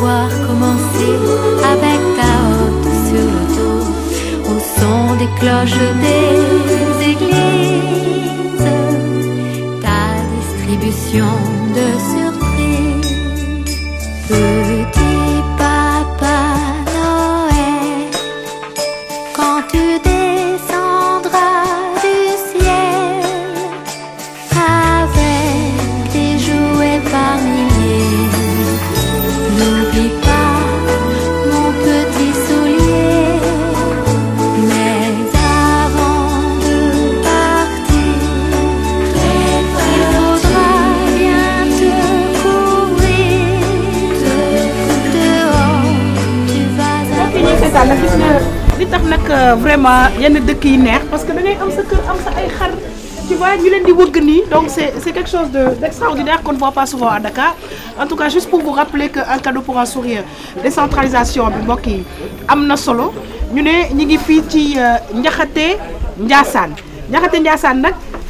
Voir commencer avec ta hôte sur le dos au son des cloches des vraiment yenn dëkk yi neex parce que da ngay am sa kër am sa ay xar tu vois ñu leen di wëgg nii donc c'est c'est quelque chose de d'extraordinaire qu'on ne voit pas souvent à Dakar en tout cas juste pour vous rappeler que un cadeau pour un sourire décentralisation bi mbokk yi am na solo ñu ne ñu ngi fii ci Njaxate Njaasaan Njaxate Njaasaan nag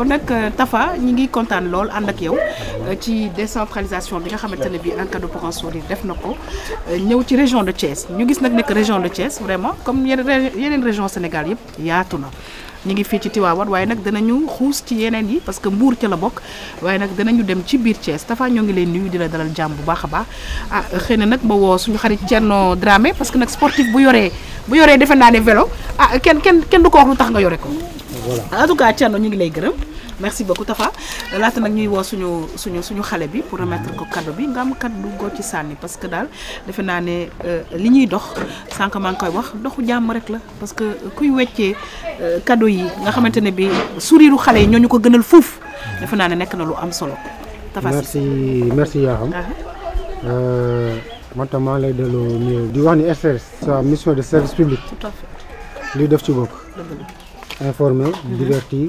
kon nak euh, Tafa ñi ngi de lool yow euh, ci décentralisation bi nga pour sourire def nako euh, ñew ci région de Thiès ñu gis nak nek région de Thiès vraiment comme yeneen région Sénégal yépp ñi ngi fii ci choses. nous nag danañu xuus ci yeneen yi parce que mbuur Nous la bokk waaye nag danañu dem ci biir Thiès nous ñoo ngi lay nuyu di la dalal jàmm bu baax a ah xëy na suñu xarit Dramé parce que nag sportif bu yoree bu yoree defe naa ne vélo ah kenn kenn kenn du en tout cas merci beaucoup Tafa laata nag ñuy woo suñu suñu suñu xale bi pour remettre ko cadeau bi nga am cadeau goo ci sànni parce que daal defe naa ne euh, li ñuy dox sànq maa ngi koy wax doxu jàmm rek la parce que kuy weccee euh, cadeau yi nga xamante ne bi sourire xale yi ñoo ñu ko gënal fuuf defe naa ne nekk na lu am solo. Tafa merci merci Yaram. Ah. Euh, man tam maa lay delloo nuyoo di wax ni STS sa mission de service publique tout à fait def ci bokk. informer mm-hmm. divertir.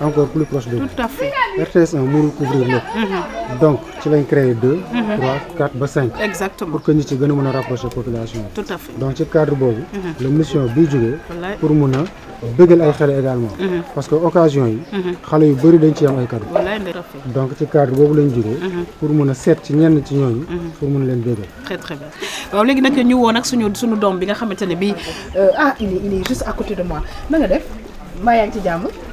encore plus proche de Tout à fait. rts couvrir mhm. donc tu vas créer deux. Mhm. quatre cinq. exactement pour que nous population tout à fait donc ce cadre mhm. la mission bi pour ay également. parce que occasion yi. xalé yu bari dañ ci cadeau. donc ci cadre pour mëna ci ñenn pour mëna très très bien waaw ñu euh, ah il est il est juste à côté de moi nga def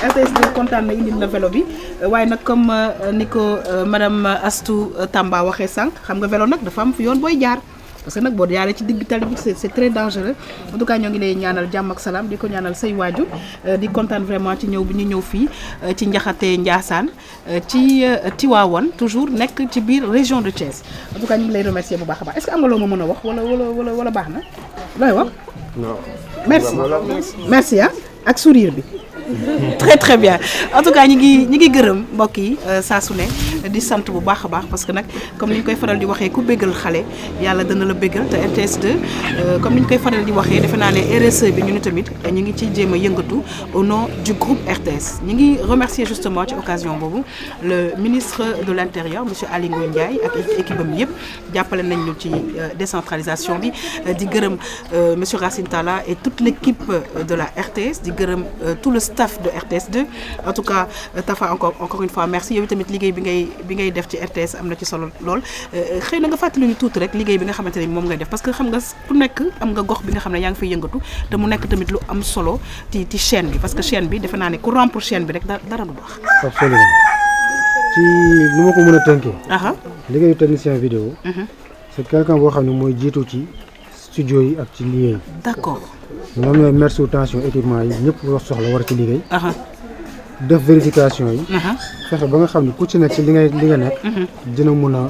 RTS de kontaan na vélo bi comme euh, euh, madame euh, Astou Tamba waxee vélo parce que c'est très dangereux en tout cas ngi lay ñaanal ak ñaanal say vraiment ci bi ci ci toujours région de Thiès en tout cas est-ce que am nga wax wala wala wala baax na non merci merci ah ak sourire très très bien en tout cas nous, ngi ngi di sant bu baax a baax parce que nag comme ni ñu koy faral di waxee ku béggal xale yàlla dana la béggal te RTS2 euh, comme ni ñu koy faral di waxee defe naa ne RSE bi ñu ni tamit ñu ngi ci jéem a yëngatu au nom du groupe RTS ñu ngi remercier justement ci occasion boobu le ministre de l'intérieur monsieur Ali Ngouille Ndiaye ak équipe am yëpp jàppale nañ ñu ci euh, décentralisation bi euh, di gërëm monsieur Racine Talla et toute l'équipe de la RTS di gërëm tout le staff de RTS2 en tout cas Tafa encore encore une fois merci yow tamit liggéey bi ngay bi ngay def ci RTS amna ci solo lol euh, xeyna nga fatali ñu tout rek liggéey bi nga xamanteni mom ngay def parce que xam nga ku nekk am nga gox bi nga xamne ne yaa fay yëngatu te mu nekk tamit lu am solo ci ci chaîne bi parce que chaîne bi defe na ne ku remplir chaîne bi rek dara du bax absolument ci lu mako mëna tanké aha tënkee. technicien vidéo. Mhm. c'est quelqu'un bo xamne moy jitu ci studio yi ak ci lien d'accord. ñoom ñooy merci sous tension équipement yi ñëpp wax soxla war ci aha def vérification yi. fexe ba nga xam ne ku ci nekk ci li ngay li nga nekk. dina mun a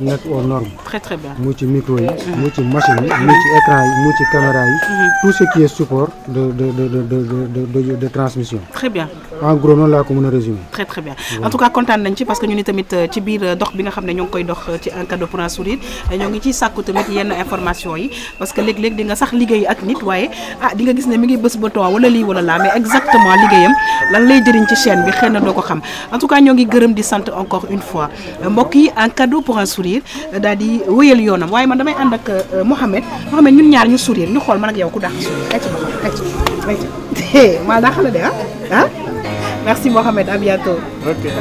nekk aux normes. très très bien mu ci micro yi. Mm-hmm. mu ci machine yi mu ci écran yi mu ci caméra yi. Mm-hmm. tout ce qui est support de de de de de de de transmission. très bien en gros non, la ko mën résumer. très très bien en tout cas kontaan nañ ci parce que ñu ni tamit euh, ci biir euh, dox bi nga xam ne ñoo ngi koy dox euh, ci en cadeau pour un sourire ñoo ngi ciy sàkku tamit yenn information yi parce que léeg-léeg di nga sax liggéey ak nit waaye ah di nga gis ne mi ngi bés ba toit wala lii wala laa mais exactement liggéeyam lan lay jëriñ ci chaîne bi xëy na ko xam en tout cas ñoo ngi gërëm di sant encore une fois mbokk yi un cadeau pour un sourire sourire daal di wéyal yoonam man damay ànd ak euh, Mouhamed Mouhamed ñun ñaar ñu sourire ñu xol man ak yow ku dakh sourire ayca la de ah, ah. merci Mohamed à bientôt.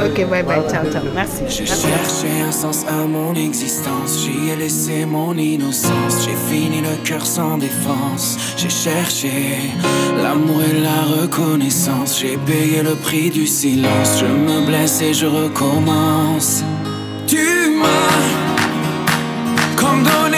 ok bye bye ciao ciao merci. je cherchais un sens à mon existence j'y ai laissé mon innocence j'ai fini le cœur sans défense j'ai cherché l'amour et la reconnaissance j'ai payé le prix du silence je me blesse et je recommence. Du m'as comme